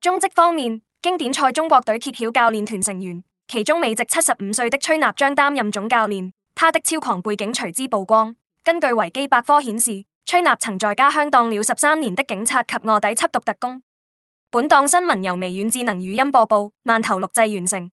中職方面，經典賽中國隊揭曉教練團成員，其中美籍七十五歲的崔納將擔任總教練，他的超狂背景隨之曝光。根據維基百科顯示，崔納曾在家鄉當了十三年的警察及臥底緝毒特工。本檔新聞由微軟智能語音播報，饅頭錄製完成。